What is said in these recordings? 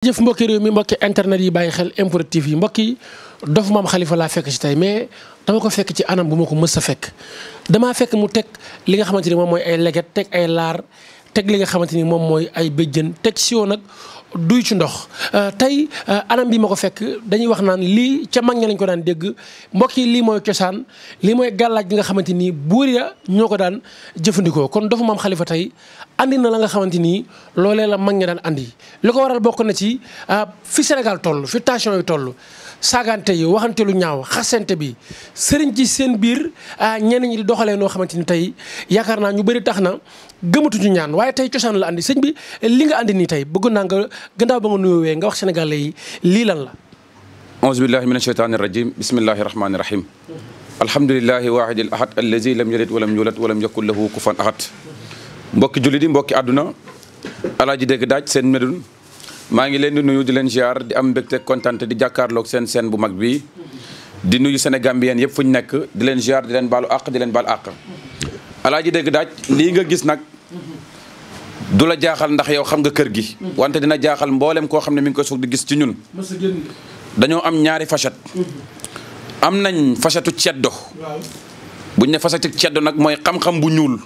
jëf mbokki réew mi mbokki internet yi bàyyi xel MPROD TV yi mbokk yi dof maam xalifa laa fekk ci tey mais dama ko fekk ci anam bu ma ko mës a fekk damaa fekk mu teg li nga xamante ni moom mooy ay leget teg ay teg li nga xamante ni moom mooy ay béjjën teg siwo nag duy ci ndox euh, tey euh, anam bi ma ko fekk dañuy wax naan lii ca mag ña lañ ko daan dégg mbokk yi lii mooy cosaan lii mooy gàllaaj gi nga xamante ni buur ya ñoo ko daan jëfandikoo kon dofu maam xalifa tey andi na la nga xamante ni loolee la mag ñi daan andi li ko waral bokk na ci ah, fi Sénégal toll fi tension yi toll saagante yi waxante lu ñaaw xasante bi sëriñ ci seen biir ah, ñenn ñi di doxalee noo xamante ni tey yaakaar naa ñu bëri tax na gëmatuñu ñaan waaye tey cosaan la andi sëñ bi li nga andi nii tey bëgg naa nga gannaaw ba nga nuyoowee nga wax sénégalais yi lii lan la. auzu billahi mina shaytaani a bismillahi a rahim. alhamdulillahi waahidil ahad allazi lam yalid walam yulad mbokki jullit yi mbokki àdduna alaaji dégg daaj seen Médoune maa ngi leen di nuyu di leen ziar di am mbégte kontante di jàkkaarloog seen seen bu mag bi di nuyu senegam Sénégambien yëpp fu ñu nekk di leen ziar di leen baalu àq di leen baal àq alaaji dégg daaj lii nga gis nag du la jaaxal ndax yow xam nga kër gi wante dina jaaxal mboolem koo xam ne mi ngi koy soog di gis ci ñun dañoo am ñaari facette am nañ facetu ceddo buñ ne facetu ceddo nag mooy xam bu ñuul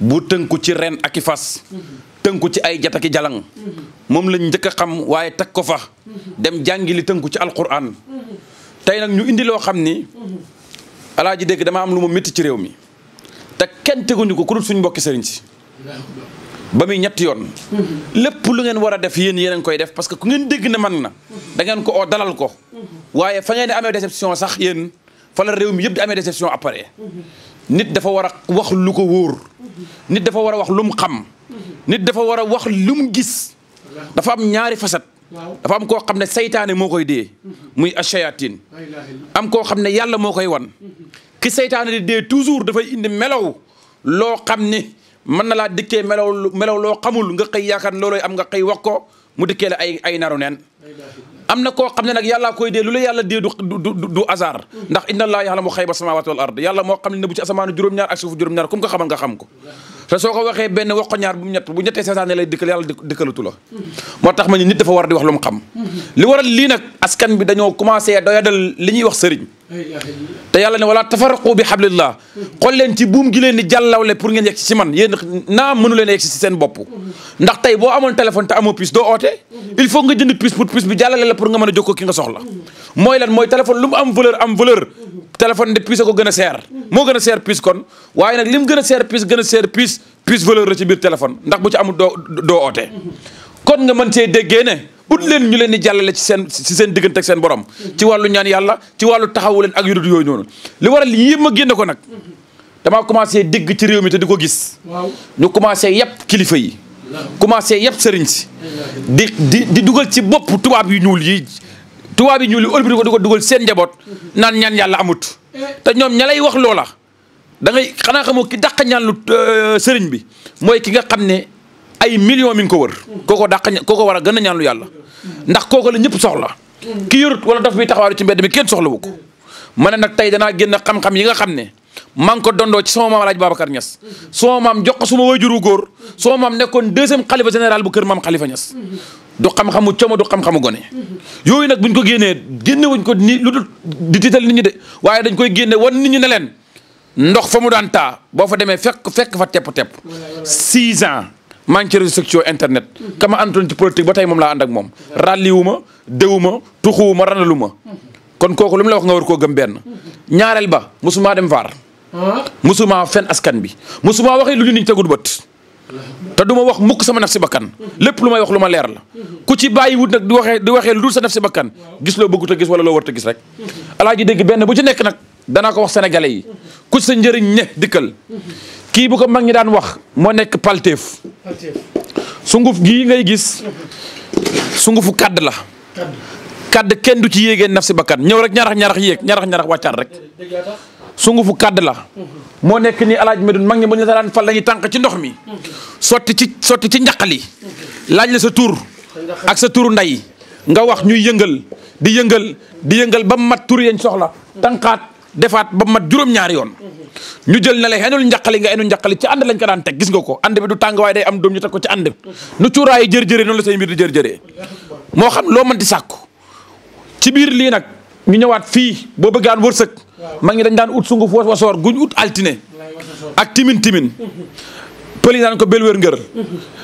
bu tënku ci ren ak i fas tënku ci ay jataki jalang moom lañ njëkk a xam waaye teg ko fa dem jàngi li tënku ci alquran tey nag ñu indi loo xam ni alaaji dégg dama am lu ma métti ci réew mi te kenn teguñu ko ku dul suñ mbokki sëriñ si ba muy ñetti yoon lépp lu ngeen war a def yéen yéen koy def parce que ku ngeen dégg na man na dangeen ngeen ko oo dalal ko waaye fa ngeen di amee sax yéen fa la réew mi yëpp di amee déception après nit dafa war a wax lu ko wóor nit dafa war a wax lu mu xam nit dafa war a wax lu mu gis dafa am ñaari fasat dafa am koo xam ne saytaane moo koy dee muy achayatin am koo xam ne yàlla moo koy wan ki seytaane di dee toujours dafay indi melaw loo xam ne mën na laa dikkee melaw melaw loo xamul nga xëy yaakaar looloy am nga xëy wax ko mu dikkee la ay ay naru neen am na koo xam ne nag yàllaa koy dee lu la yàlla dee du du du hasard ndax inna allah yaxlamu xayba samawati wal ard yàlla moo xam ne ne bu ci asamaanu juróom-ñaar ak suufu juróom-ñaar ku ko xamal nga xam ko te soo ko waxee benn wax ko ñaar bu ñett bu lay dëkkal yàlla dëkkalatu moo tax ma nit dafa war di wax lu mu xam li waral lii nag askan bi dañoo commencé doyadal li ñuy wax sëriñ te yàlla ne wala tafaraqu bi hablillah xool leen ci buum gi leen di jàllawle pour ngeen yegg si man yéen naa mënu leen yegg si seen bopp ndax tey boo amoon téléphone te amoo puce doo oote il faut nga jënd puce pour puce bi jàllale la pour nga mën a ko ki nga soxla mooy lan mooy téléphone lu mu am valeur am valeur téléphone de puce ko gën a seer moo gën a seer puce kon waaye nag li mu gën a seer puce gën a seer puce puce valeur la ci biir téléphone ndax bu ci amul doo doo kon nga mën cee déggee ne ut leen ñu leen di jàllale ci seen ci seen diggante seen borom ci wàllu ñaan yàlla ci wàllu taxawu leen ak yudut yooyu noonu li waral yëpp ma génne ko nag dama commencé dégg ci réew mi te di ko gis ñu commencé yàpp kilifa yi commencé yàpp sëriñ si di di di dugal ci bopp tubaab yu ñuul yi tubaab yi ñuul yi ëlbidi ko di ko dugal seen njaboot naan ñaan yàlla amut te ñoom ña lay wax loola da ngay xanaa ki dàq ñaan lu euh, sëriñ bi mooy ki nga xam ne ay million mi ngi ko wër kooko dàq kooko war a gën a ñaanlu yàlla ndax kooko la ñëpp soxla ki yorut wala daf bi taxawaaru ci mbedd mi kenn soxla wu ko ma ne nag tey danaa génn xam-xam yi nga xam ne maa ngi ko dondoo ci sama maam Alaaji Babacar Niass sama maam jox ko suma waajur wu góor sama maam nekkoon deuxième xalifa général bu kër maam xalifa Niass du xam-xamu coomo du xam-xamu gone yooyu nag buñ ko génnee génne wuñ ko nii lu dul di tiital nit ñi de waaye dañ koy génne wan nit ñi ne leen ndox fa mu daan taa boo fa demee fekk fekk fa tepp-tepp six ans maa ngi ci réseaux sociaux internet. kama àndoon ci politique ba tey moom laa ànd ak moom. ràlliwu ma déwu ma ma ranalu ma. kon kooku lum la wax nga war koo gëm benn. ñaareel ba mosuma dem vaar. mosuma fen askan bi mosuma waxee lu ñu niñ tegul bët. te du ma wax mukk sama naf si bakkan lépp lu may wax lu ma leer la ku ci bàyyi wut nag du waxee di waxee lu dul sa naf si bakkan gis loo bëggut a gis wala loo warut a gis rek alaaji dégg benn bu ci nekk nag danaa ko wax sénégalais sa njëriñ ne dikkal kii bu ko mag ñi daan wax moo nekk palteef sunguf gii ngay gis sungufu kàdd la kàdd kenn du ci yéegee naf si bakkan ñëw rek ñarax ñarax yéeg ñarax ñarax wàccaat rek eh, sungufu kàdd la mhm. moo nekk nii alaaj medun mag ñi ba ñu la daan fal la tànk ci ndox mi mhm. sotti ci sotti ci njaqali mhm. laaj la sa tuur ak sa tuur ndey nga wax ñuy yëngal di yëngal di yëngal ba mat tuur yeñ soxla tànqaat defaat ba mat juróom-ñaari yoon ñu jël na la enul njaqali nga enul njaqali ci ànd lañ ko daan teg gis nga ko ànd bi du tàng waaye day am doom ñu teg ko ci ànd nu cuuraayi jërjëree noonu la say mbir di moo xam loo mën di sàkku ci biir lii nag ñu ñëwaat fii boo bëggaan wërsëg mag ñi dañ daan ut sunguf wasoor guñ ut altine ak timin timin pëli naan ko belwér ngër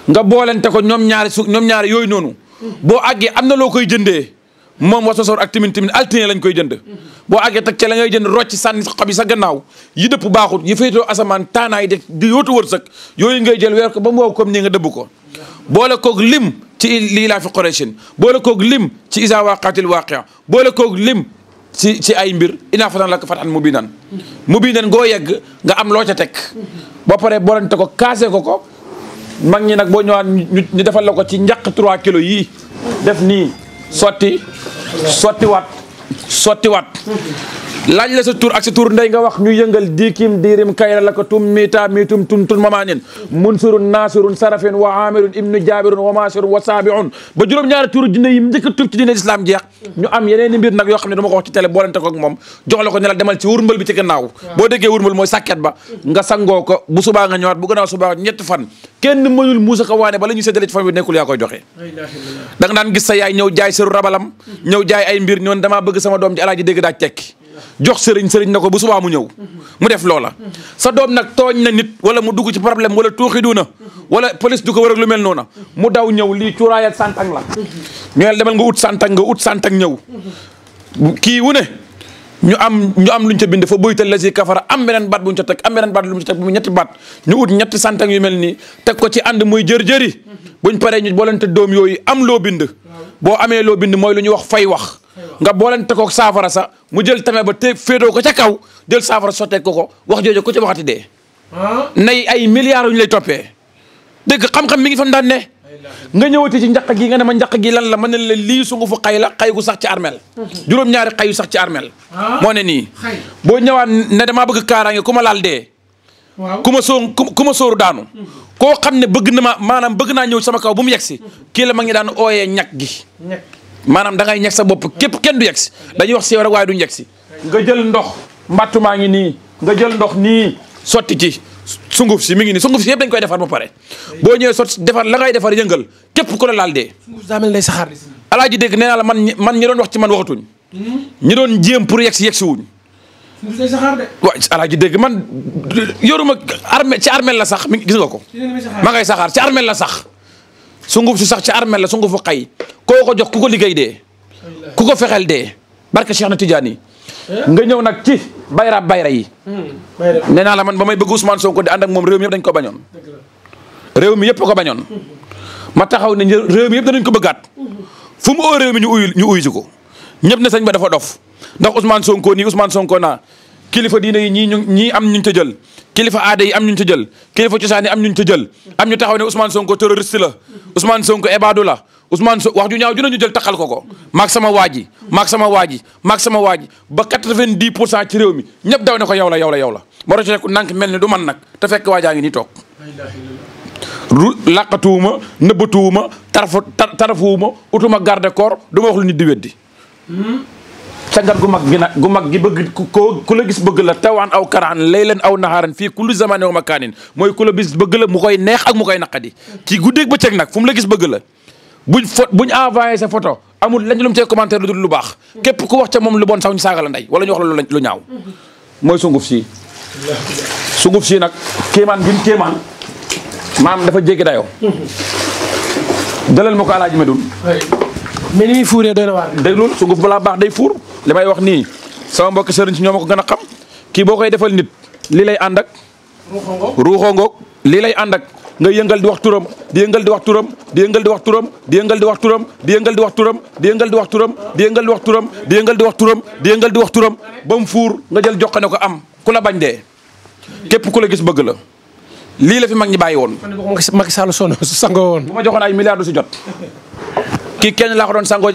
nga boolente ko ñoom ñaari su ñoom yooyu noonu boo àggee am na loo koy jëndee moom wasasoor ak timin timin altine lañ koy jënd boo àggee teg ca la ngay jënd rocci sànni xob yi sa gannaaw yi dëpp baaxut yi féetoo asamaan taanaay de di yóotu wërsëg yooyu ngay jël weer ko ba mu wow comme nii nga dëbb ko boole koog lim ci lii laa fi Qurayshin boole koog lim ci isa waqaatil waaqia boole koog lim ci ci ay mbir inaa fatan la ko fatan mubinan mubinan goo yegg nga am loo ca teg ba pare boolante ko kaase ko ko mag ñi nag boo ñëwaat ñu defal la ko ci njaq 3 kilos yii def nii sotti sottiwaat sottiwaat laaj la sa tur ak sa tur ndey nga wax ñu yëngal diikim diirim kayra la ko tum miita miitum tum tun mamaanin munsurun nasirun sarafin wa amirun ibnu jaabirun wa masirun wa saabiun ba juróom-ñaari tur dina yi njëkk a tur ci diine islam jeex ñu am yeneen i mbir nag yoo xam ne dama ko wax ci télé boolante ko ak moom jox la ko ne la demal ci wurmbal bi ci gannaaw boo déggee wurmbal mooy sàkket ba nga sangoo ko bu subaa nga ñëwaat bu gannaaw subaa ñetti fan kenn mënul muusa waane bala ñu séddale ci fan bi nekkul yaa koy joxe da nga daan gis sa yaay ñëw jaay sëru rabalam ñëw jaay ay mbir ñoon damaa bëgg sama doom ji dégg daaj tekki jox sëriñ sëriñ na ko bu subaa mu ñëw mu def loola sa doom nag tooñ na nit wala mu dugg ci problème wala tuuxidu na wala police du ko war lu mel noona mu daw ñëw lii cuuraay ak santang la ñoel demal nga ut santang nga ut santang ñëw kii wu ne ñu am ñu am luñ ca bind fa boytal la si kafara am beneen baat bu ñu ca teg am beneen baat lu ñu ca teg bu ñetti baat ñu ut ñetti santang yu mel nii teg ko ci ànd muy jër-jëri buñ paree ñu boolante doom yooyu am loo bind boo amee loo bind mooy lu ñuy wax fay wax nga boolente koog saafara sax mu jël tame ba te féetoo ko ca kaw jël saafara sotteeg ko ko wax jooju ko ci waxati de nay ay milliar yu lay toppee. dégg xam-xam mi ngi fa daan ne. nga ñëwati ci njaq gi nga ne ma njaq gi lan la ma ne la lii su nga fa xay la xay gu sax ci armel juróom-ñaari xay yu sax ci armel moo ne nii. boo ñëwaat ne damaa bëgg kaaraange ku ma laal de waaw ku ma soo ku ma sóoru daanu. koo xam ne bëgg na ma maanaam bëgg naa ñëw sama kaw bu mu yegg si. kii la ma ngi daan ooyee ñag gi. maanaam da ngay ñeg sa bopp képp kenn du yegg si dañuy wax si yow rek waaye du yegg si nga jël ndox mbattu maa ngi nii nga jël ndox nii sotti ci sunguf si mi ngi nii sunguf si yëpp dañ koy defar ba pare boo ñëwee sotti defar la ngay defar yëngal képp ko la laal dee alaaji dégg nee naa la man man ñi doon wax ci man waxatuñ hmm? ñi doon jéem pour yegg si yegg si wuñ waaw alaaji dégg man yoruma armé ci armel la sax mi gis nga ko ma saxaar ci armel la sax sunguf si sax ci armel la sungufu xay koo jox ku ko liggéey de ku ko fexeel de barke Cheikh na Tidiane yi nga ñëw nag ci bayra bayra yi nee naa la man ba may bëgg Ousmane Sonko de ànd ak moom réew mi yëpp dañ ko bañoon réew mi yëpp ko bañoon ma taxaw ne réew mi yëpp danañ ko bëggaat fu mu oo réew mi ñu uyu ñu uyu si ko ñëpp na sañ ba dafa dof ndax Ousmane Sonko nii Ousmane Sonko naa kilifa diine yi ñii ñu ñii am ñu ca jël kilifa aada yi am ñu ñu ci jël kilifa cosaan yi am ñu ñu jël am ñu taxaw ne Ousmane Sonko terroriste la Ousmane Sonko ébaadu la Ousmane Sonko wax ju ñaaw ju ne ñu jël taxal ko ko maak sama waa ji maag sama waa ji maag sama waa ji ba 90 pour cent ci réew mi ñëpp daw ne ko yow la yow la yow la ma rocce ko mel ni du man nag te fekk waajaa ngi ni toog làqatuwuma nëbbatuwuma tarfu tarfuwuma utuma garde corps du ma wax lu nit di weddi càngat gu mag gi nag gu mag gi bëgg ko ku la gis bëgg la tawaan aw karaan lay leen aw naxaaran fii kullu zamanin wa makaanin mooy ku la gis bëgg la mu koy neex ak mu koy naqadi ci guddeeg bëccëg nag fu mu la gis bëgg la buñ fo buñ envoyé sa photo amul lañ lu mu cay lu dul lu baax képp ku wax ca moom lu bon sax ñu saaga la ndey wala lu ñaaw mooy sunguf si sunguf si nag kéemaan bi mu kéemaan maam dafa jéggi dayoo dalal ma ko alaaji Medoune mais ni fuuree doy na sunguf balaa baax day fuur li may wax nii sama mbokki sëriñ si ñoo ma ko gën a xam kii boo koy defal nit lii lay ànd ak. ruuxoo lii lay ànd ak nga yëngal di wax turam di yëngal di wax turam di yëngal di wax turam di yëngal di wax turam di yëngal di wax turam di yëngal di waxturam turam di yëngal wax turam di yëngal di wax turam di yëngal di wax turam ba mu fuur nga jël jox ne ko am ku la bañ dee képp ku la gis bëgg la. lii la fi mag ñi bàyyi woon. Macky Sall sonn sangoo woon. bu ma joxoon ay milliards du jot. kii kenn laa ko doon sangoo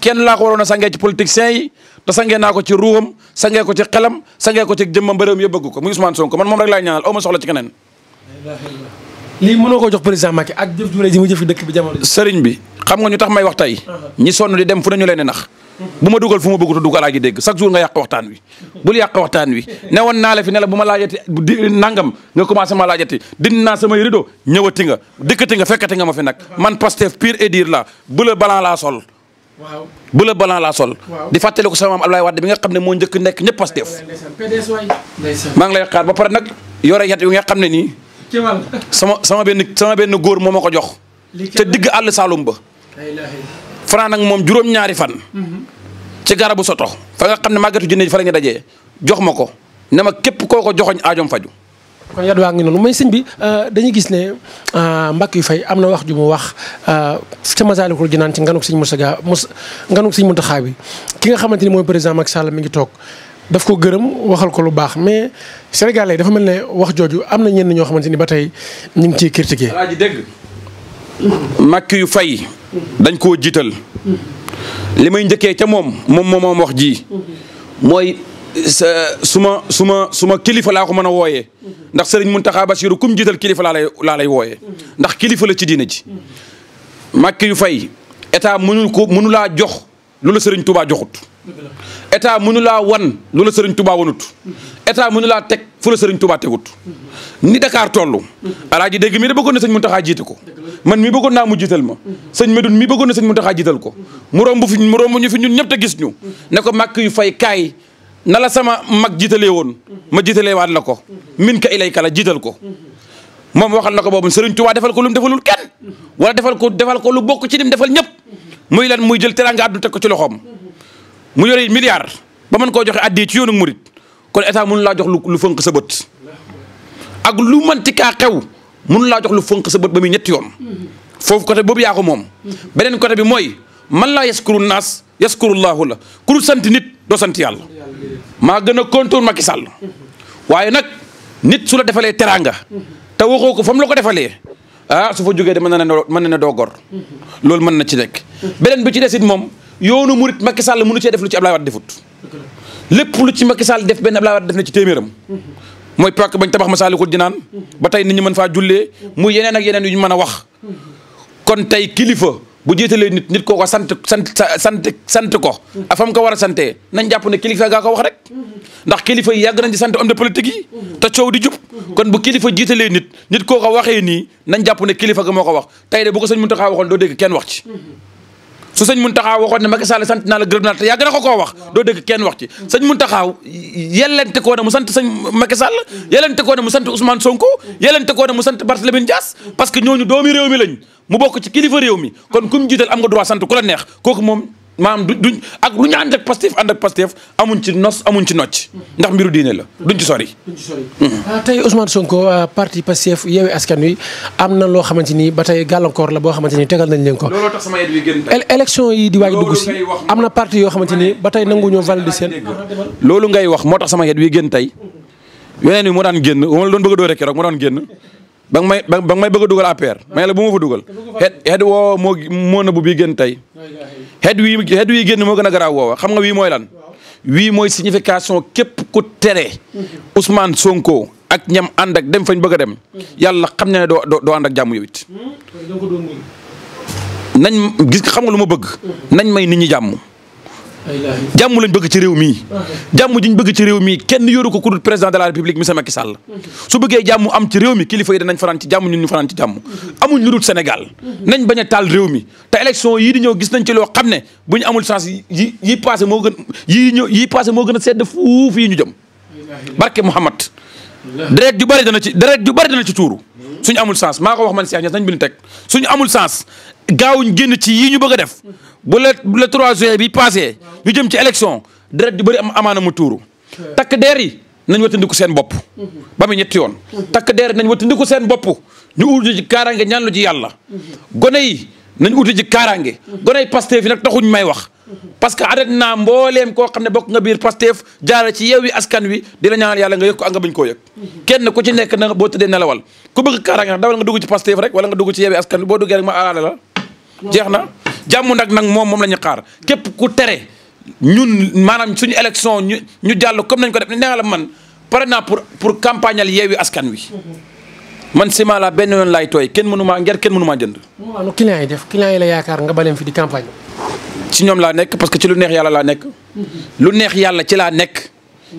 kenn laa ko waroon a sangee ci politiciens yi te sangee naa ko ci ruuxam sangee ko ci xelam sangee ko ci jëmmam ba réew mi yëpp bëgg ko muy Ousmane Sonko man moom rek laay ñaanal aw ma soxla ci keneen. lii ko jox président Macky ak jëf ju rëy ji mu jëf dëkk bi jamono sëriñ bi xam nga ñu tax may wax tey ñi sonn di dem fu nañu leen di nax bu ma dugal fu ma bëgg te dugal aji dégg chaque jour nga yàq waxtaan wi bul yàq waxtaan wi ne woon naa la fi ne la bu ma laajati di nangam nga commencé ma laajati din naa samay rido ñëwati nga dikkati nga fekkati nga ma fi nag man Pastef pire et la bu la balan laa sol bu ba balaa laa sol. di fàttali ko sama maam Abdoulaye Wade bi nga xam ne moo njëkk nekk ñëpp Pastef. maa ngi lay xaar ba pare nag yore yat yu nga xam ne nii. sama sama benn benn góor moo ma ko jox. te digg àll Saloum ba. fanaan nag moom juróom-ñaari fan. Mm-hmm. ci garabu soto fa nga xam ne màggatu jinne fa la ñu jox ma ko ne ma képp koo ko joxoñ aajoom faju kon yadu waa ngi noonu mooy sëñ bi euh, dañuy gis ne yu euh, fay am na wax ju mu wax euh, ca Masaalikul naan ci nganuk siñ Moussa Ga Moussa nganuk sëñ Mountakha bi ki nga xamante ni mooy président Macky Sall mi ngi toog daf ko gërëm waxal ko lu baax mais Sénégalais dafa mel ne wax jooju am na ñenn ñoo xamante ni ba tey ñu ngi ciy critiqué. waa ji dégg Mbackiou Faye dañ koo jiital mm-hmm. li may njëkkee ca moom moom moom wax ji mm-hmm. mooy. su ma su ma su kilifa laa ko mën a wooyee ndax sëriñ mun taxa Basiru kum jiital kilifa laa lay laa ndax kilifa la ci diina ji màkk yu fay état mënul ko mënu laa jox loolu la sëriñ Touba joxut état mënu laa wan lu la sëriñ Touba wanut mu mënu laa teg fu la sëriñ Touba tegut ni Dakar toll alaaji dégg mi da bëggoon na sëñ Muntaxa jiite ko man mi bëggoon naa mu jiital ma sëñ Medoune mi bëggoon na sëñ Muntaxa jiital ko mu romb fi mu romb ñu fi ñun ñëpp te gis ñu ne ko màkk yu fay kaay na la sama mag jiitalee woon ma jiitale waat la ko min ka ilayka la jiital ko moom waxal na ko boobu Serigne Touba defal ko lu mu defalul kenn wala defal ko defal ko lu bokk ci lim defal ñëpp muy lan muy jël teraanga àdduna teg ko ci loxoom mu yore milliar ba man koo joxe addi ci yoonu rit kon état mun laa jox lu lu fënk sa bët ak lu manti kaa xew mënu laa jox lu fënk sa bët ba muy ñetti yoon foofu côté boobu yaa ko moom beneen côté bi mooy man laa yaskuru naas yaskurullahu la ku dul sant nit doo sant yàlla maa gën a kontuur Macky Sall waaye nag nit su la defalee teraanga te waxoo ko fa la ko defalee ah su fa jógee de mën na ne mën na ne doo gor loolu mën na ci nekk beneen bi ci desit moom yoonu murit Macky Sall mënu cee def lu ci Ablaye Wade defut lépp lu ci Macky Sall def benn Ablaye Wade def na ci téeméeram mooy pak bañ tabax Masaalikul naan ba tey nit ñu mën faa jullee muy yeneen ak yeneen yu ñu mën a wax kon tey kilifa bu jiitalee nit nit koo ko sant sant sant sant ko afam mm-hmm. ko war a sante nañ jàpp ne kilifa gaa ko wax rek mm-hmm. ndax kilifa yi yàgg nañ di sant homme de politique yi mm-hmm. te coow di jub kon bu kilifa jiitalee nit nit koo ko waxee nii nañ jàpp ne kilifa ga moo ko wax tey de bu ko sëñ Muntaxa waxoon doo dégg kenn wax ci su sëñ Mountakha waxoon ne Macky Sall sant naa la gërëm naa te yàgg na ko koo wax doo dégg kenn wax ci sëñ Mountakha yellente koo ne mu sant sëñ Macky Sall yellente koo ne mu sant Ousmane Sonko yellente koo ne mu parce que ñooñu doomi réew mi lañ mu bokk ci kilifa réew mi kon ku mu jiital am nga droit sant ku la neex kooku moom maam du duñ ak lu ñu ànd ak Pastef ànd ak Pastef amuñ ci nos amuñ ci nocc. ndax mbiru diine la duñ ci sori. duñ ci sori. Mm-hmm. Ah, tey Ousmane Sonko euh, parti Pastef Yewwi Askan Wi am na loo xamante ni ba tey gàllankoor la boo xamante ni tegal nañ leen ko. looloo tax sama yéen wi yi di waaj dugg si am na parti yoo xamante ni ba tey nanguñoo validé seen. loolu ngay wax moo tax sama yéen wi gën tey mm-hmm. yeneen yi moo daan génn wala doon bëgg doo rek rek moo daan génn ba nga may ba may bëgg a dugal APR may la bu ma fa dugal xet xet moo moo nëbbu bii gën tey xet wii xet wii génn moo gën a garaaw woowa xam nga wii mooy lan wii mooy signification képp ku tere Ousmane Sonko ak ñam ànd ak dem fañ bëgg dem yàlla xam na ne doo doo ànd ak jàmm yow it hmm? nañ gis xam nga lu ma bëgg hmm. nañ may nit ñi jàmm jàmm lañ bëgg ci réew mii jàmm jiñ bëgg ci réew mii kenn yoru ko ku président de la république monsieur ki Sall su bëggee jàmm am ci réew mi kilifa yi danañ fanaan ci jàmm ñun ñu fanaan ci jàmm amuñ lu dul Sénégal nañ bañ a taal réew mi te élection yii di ñëw gis nañ ci loo xam ne bu ñu amul chance yi yi passé moo gën yii ñëw yii passé moo gën a sedd fuuf yi ñu jëm barke Mouhamad deret ju bari dana ci deret ju bari dana ci tuuru suñu amul chance maa ko wax man Cheikh Niass nañ bi nu teg suñu amul chance gaawuñ génn ci yii ñu bëgg a def bu la bu la 3 juin bi passé ñu jëm ci élection deret di bëri am amaana mu tuuru takk deer yi nañ wattandiku seen bopp ba mu ñetti yoon takk deer yi nañ wattandiku seen bopp ñu uti ji kaaraange ñaan ci yàlla gone yi nañ uti ji kaaraange gone yi Pastef yi nag taxuñ may wax parce que arrêté naa mbooleem ko xam ne bokk nga biir Pastef jaara ci yeewi askan wi dina la ñaanal yàlla nga yëg ko ak koo yëg kenn ku ci nekk na boo tëddee nelawal ku bëgg kaaraange nag dawal nga dugg ci Pastef rek wala nga dugg ci yeewi askan wi boo duggee la jeex na jàmm nag nag moom moom la ñu xaar képp ku tere ñun maanaam suñu élection ñu ñu jàll comme nañ ko def nee naa la man pare naa pour campagne campagnal yeewi askan wi. man ciment la benn yoon laay tooy kenn mënu maa nger kenn mënuma jënd. waaw nu client yi def client yi la yaakaar nga baleem fi di campagne. ci ñoom laa nekk parce que ci lu neex yàlla laa nekk. Mm-hmm. lu neex yàlla ci laa nekk.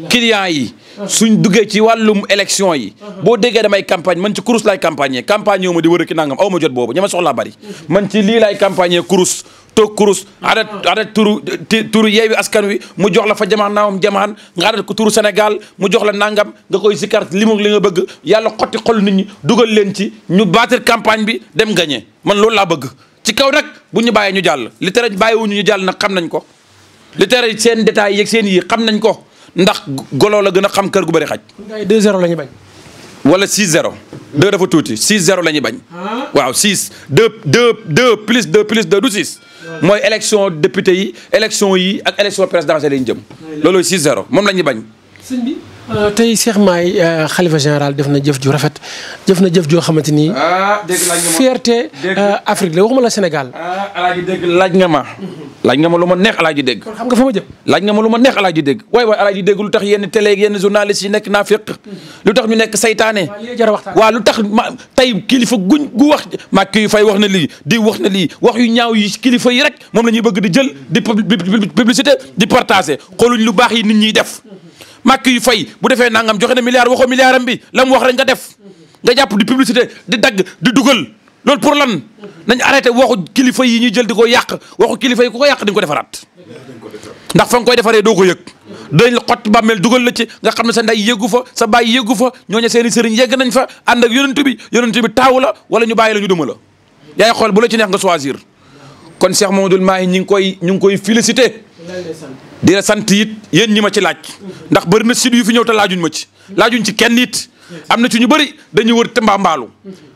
clients yi suñ duggee ci wàllum élection yi boo déggee damay campagne man ci kurus lay campagne campagne yow ma di wër ki nangam aw ma jot boobu ña ma soxlaa bari man ci lii laay campagne kurus toog kurus adat adat turu turu yeewi askan wi mu jox la fa jamaan naawam jamaan nga adat ko turu Sénégal mu jox la nangam nga koy sikar li mu li nga bëgg yàlla xotti xol nit dugal leen ci ñu baatir campagne bi dem gagné man loolu laa bëgg ci kaw nag bu ñu bàyyee ñu jàll li tere bàyyiwuñu ñu jàll nag xam nañ ko li tere seen détails yeeg seen yi xam nañ ko ndax golo la gën a xam kër gu bëri xaj. 2-0 la ñu bañ. wala 6-0. 2 dafa tuuti 6-0 la ñu bañ. Ah. waaw 6 2 deux plus 2 plus 2 du 6. mooy élection député yi élection yi ak élection présidentielle yi ñu jëm. loolooy 6-0 moom la ñu bañ. sëñ bi euh, tey Cheikh Mahi euh, xalifa général def na jëf ju rafet jëf na jëf joo xamante ni. Ah, fierté euh, Afrique la waxuma la Sénégal. ah alaaji laaj nga ma. laaj nga ma lu ma neex alaaji dégg. kon xam nga fa ma laaj nga ma lu ma neex alaaji dégg waay waay alaaji dégg tax yenn télé ak yenn journaliste yi nekk naa féq lu tax ñu nekk saytaane. waa lu tax ma tey kilifa guñ gu wax ma kii fay wax na lii di wax na lii wax yu ñaaw yi kilifa yi rek moom la ñuy bëgg di jël di publicité di partagé xooluñ lu baax yi nit ñiy def màkk yu fay bu defee nangam joxe na milliard waxoo milliard am bi la wax rek nga def nga jàpp di publicité di dagg di dugal loolu pour lan nañ arrêté waxu kilifa yi ñuy jël di ko yàq waxu kilifa yi ku ko yàq dañ ko defaraat ndax fa nga koy defaree doo ko yëg dañ xot xotti dugal la ci nga xam ne sa ndey yëggu fa sa baay yëggu fa ñooñu seeni sëriñ yëgg nañ fa ànd ak yonent bi yonent bi taaw la wala ñu bàyyi la ñu duma la yaay xool bu la ci neex nga choisir kon Cheikh Mamadou Mahi ñi ngi koy ñu ngi koy félicité di la sant it yéen ñi ma ci laaj ndax bëri na sud fi ñëw te laajuñ ma ci laajuñ ci kenn it am na ci ñu bëri dañuy wër mbaambaalu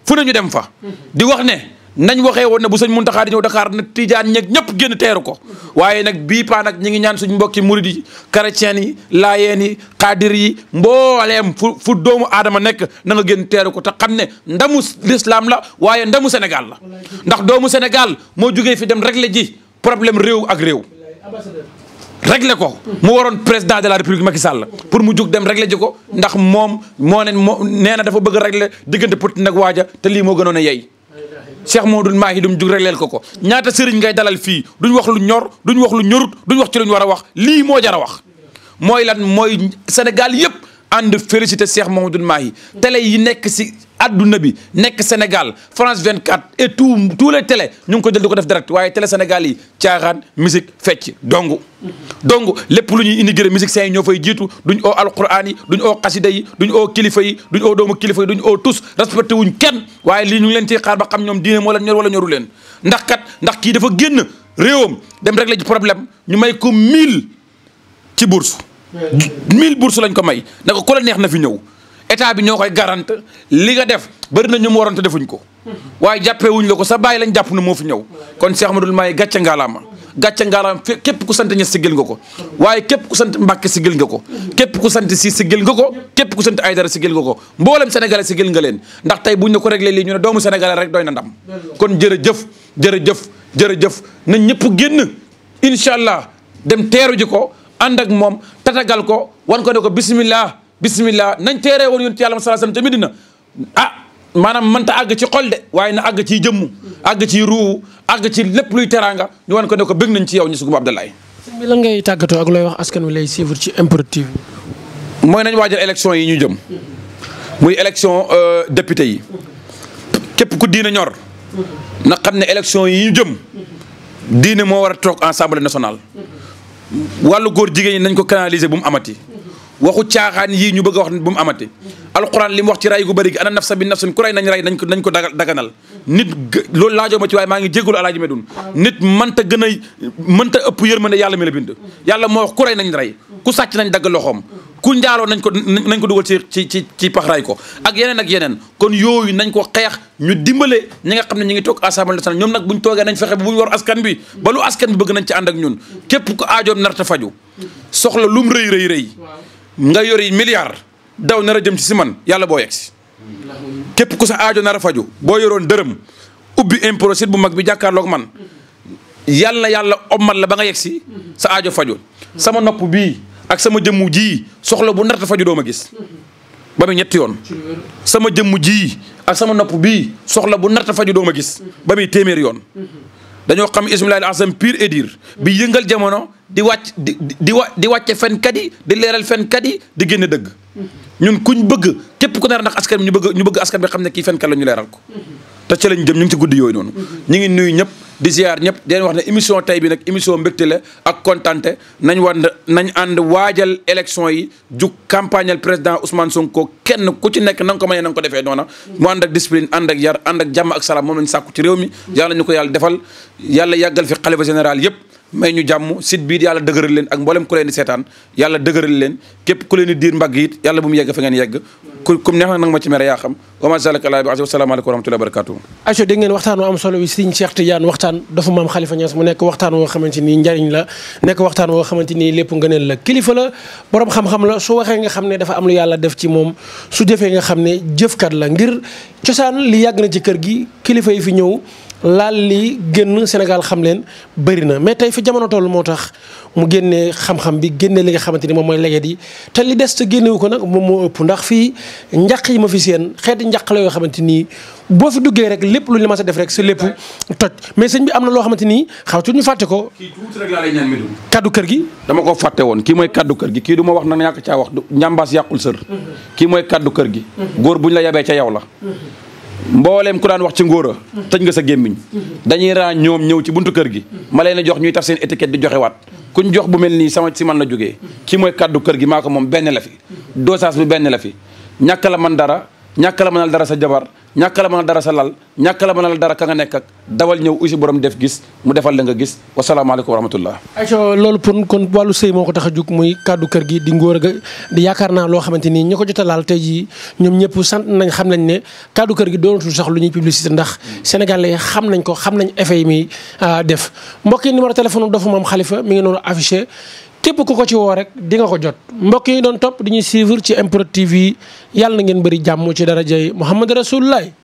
fu ne ñu dem fa di wax ne nañ waxee woon ne bu sëñ Muntaxa di ñëw Dakar nag tijaan ñeeg ñëpp génn teeru ko waaye nag bii paa nag ñi ngi ñaan suñ mbokki murid yi chrétien yi laayeen yi xaadir yi mbooleem fu fu doomu aadama nekk na nga génn ko te xam ne ndamu l'islam la waaye ndamu Sénégal la ndax doomu Sénégal moo jógee fi dem régler ji problème réew ak réew réglé ko mu waroon président de la république Macky Sall pour mu jug dem réglé ji ko ndax moom moo ne moo nee na dafa bëgg a réglé diggante Poutine nag waaja te lii moo gënoon a yey Cheikh Modou Mahi dum jug régleel ko ko ñaata sëriñ ngay dalal fii duñ wax lu ñor duñ wax lu ñorut duñ wax ci luñ war a wax lii moo jar a wax mooy lan mooy Sénégal yëpp ànd félicité Cheikh Modou Mahi télé yi nekk si adduna bi nekk Sénégal France 24 et tout tous les télé ñu ngi ko jël di ko def direct waaye télé Sénégal yi caaxaan musique fecc dong. donc lépp lu ñuy immigré musiciens yi ñoo fay jiitu duñ oo alquran yi duñ o xasida yi duñ o kilifa yi duñ o doomu kilifa duñ oo tous respecté wuñ kenn waaye lii ñu ngi leen ciy xaar ba xam ñoom diine moo leen ñor wala ñoru leen ndax kat ndax kii dafa génn réewam dem régler ci problème ñu may ko mille ci bourse mille bourse lañ ko may ne fi ñëw état bi ñoo koy garante li nga def bëri na ñu mu warante defuñ ko waaye jàppee wuñ la ko sa bàyyi lañ jàpp na moo fi ñëw kon Cheikh Ahmadoul Mahi gàcce ngaalaama gàcce ngaalaama képp ku sant Ñas sigil nga ko waaye képp ku sant Mbàkke sigil nga ko képp ku sant Si gil nga ko képp ku sant Aydara sigil nga ko mboolem si sigil nga leen ndax tey buñ ne ko réglé lii ñu ne doomu sénégalais rek doy na ndam kon jërëjëf jërëjëf jërëjëf na ñëpp génn incha allah dem teeru ji ko ànd moom tatagal ko wan ko ne ko bismillah bismillah nañ teeree woon yonent yàlla sallallahu alayhi wasallam ca Medina ah maanaam man mënta àgg ci xol de waaye na àgg ci jëmm àgg ci ruu àgg ci lépp luy teraanga ñu wan ko ne ko bëgg nañ ci yow ñu suguma Abdoulaye mi la ngay tàggatoo ak looy wax askan wi lay suivre ci MPROD mooy nañ waajal élection yi ñu jëm muy élection euh, député yi képp ku diina ñor na xam ne élection yi ñu jëm diine moo war a toog assemblée national wàllu góor jigéen ñi nañ ko canaliser bu mu amati waxu caaxaan yii ñu bëgg a wax bu mu amate alquran li mu wax ci ray gu bëri gi ana nafsa bi nafsin ku ray nañ ray nañ ko nañ ko daganal nit loolu laajoo ma ci waaye maa ngi jégalu alaaji Medoune nit mënta gën a mënta ëpp yërmande yàlla mi la bind yàlla moo wax ku ray nañ ray ku sàcc nañ dagg loxoom ku njaaloo nañ ko nañ ko dugal ci ci ci ci pax ray ko ak yeneen ak yeneen kon yooyu nañ ko xeex ñu dimbale ñi nga xam ne ñu ngi toog assemblée nationale ñoom nag bu ñu toogee nañ fexe bu buñ war askan bi ba lu askan bi bëgg nañ ci ànd ak ñun képp ko aajoom narta faju soxla lum rëy rëy rëy nga yori milliard daw nar a jëm ci si man yàlla boo yegg si képp ku sa aajo nar a faju boo yoroon dërëm ubbi impro bu mag bi jàkkaarlook man yàlla yàlla ommal la ba nga yegg si sa aajo faju sama nopp bi ak sama jëmmu ji soxla bu narta faju doo ma gis ba ñetti yoon sama jëmmu ji ak sama nopp bii soxla bu narta faju doo a gis ba muy téeméer yoon dañoo xam ismilahi azam pire et dire bi yëngal jamono di wàcc di di wa di wàcce fenkat yi di leeral fenkat yi di génne dëgg ñun kuñ bëgg képp ku nar ndax askan bi ñu bëgg ñu bëgg askan bi xam ne kii fenkat la ñu leeral ko te ci lañ jëm ñu ngi ci guddi yooyu noonu ñu ngi nuyu ñëpp di ziar ñëpp di wax ne émission tey bi nag émission mbégte la ak kontante nañ war nañ ànd waajal élection yi jug campagnal président Ousmane Sonko kenn ku ci nekk na nga ko mënee na nga ko defee noona mu ànd ak discipline ànd ak yar ànd ak jàmm ak salaam moom nañ sàkku ci réew mi yàlla ko yàlla defal yàlla yàggal fi xalifa général yëpp may ñu jàmm site bi yàlla dëgëral leen ak mboolem ku leen di seetaan yàlla dëgëral leen képp ku leen di diir mbagg it yàlla bu mu yegg fa ngeen yegg ku comme neex na nag ma ci mere yaa xam wa ma zalika ala bi wa salaamaaleykum wa rahmatullahi wa barakatuh aco dégg ngeen waxtaan woo am solo wi Serigne mu nekk waxtaan woo xamante njariñ la nekk waxtaan woo xamante nii lépp ngëneel la kilifa la borom xam-xam la su waxee nga xam ne dafa am lu yàlla def ci moom su jëfee nga xam ne jëfkat la ngir cosaan li yàgg na ci kër gi kilifa yi fi ñëw laal li génn Sénégal xam leen bëri na mais tey fi jamono toll moo tax mu génne xam-xam bi génne li nga xamante ni moom mooy leget di te li des te génnewu ko nag moom moo ëpp ndax fii njax yi ma fi seen xeeti njax la yoo xamante nii boo fi duggee rek lépp lu ñu la mas def rek sa lépp toj mais sëñ bi am na loo xamante nii xaw tu ñu fàtte ko. kii kaddu kër gi. dama ko fàtte woon kii mooy kaddu kër gi kii du ma wax na ñàkk caa wax njàmbaas yàqul sër. Mm-hmm. kii mooy kaddu kër gi. Mm-hmm. góor bu ñu la yabee ca yow la mm-hmm. mbooleem ku daan wax ci ngóora tëj nga sa gémmiñ dañuy raa ñoom ñëw ci buntu kër gi ma leen jox ñuy taf seen étiquette di joxe waat kuñ jox bu mel nii sama si man la jógee kii mooy kàddu kër gi maa ko moom benn la fi dosage bi benn la fi ñàkk la man dara ñàkk la mënal dara sa jabar ñàkk la dara sa lal ñàkk la mënal dara ka nga nekk ak dawal ñëw usi borom def gis mu defal la nga gis wasalaamaaleykum wa rahmatullah ayca loolu pour kon wàllu sëy moo ko tax a jóg muy kàddu kër gi di ngóor ga di yaakaar naa loo xamante nii ñu ko jot a laal tey jii ñoom ñëpp sant nañ xam nañ ne kàddu kër gi doonatul sax lu ñuy publicité ndax sénégalais xam nañ ko xam nañ effet mii muy ah, def mbokk yi numéro téléphone Dofu Mame xalifa mi ngi noonu affiché képp ku ko ci woo rek di nga ko jot mbokk yi doon topp di ñuy suivre ci MPROD TV yàlla na ngeen bëri jàmm ci darajay Muhammad Rasulullah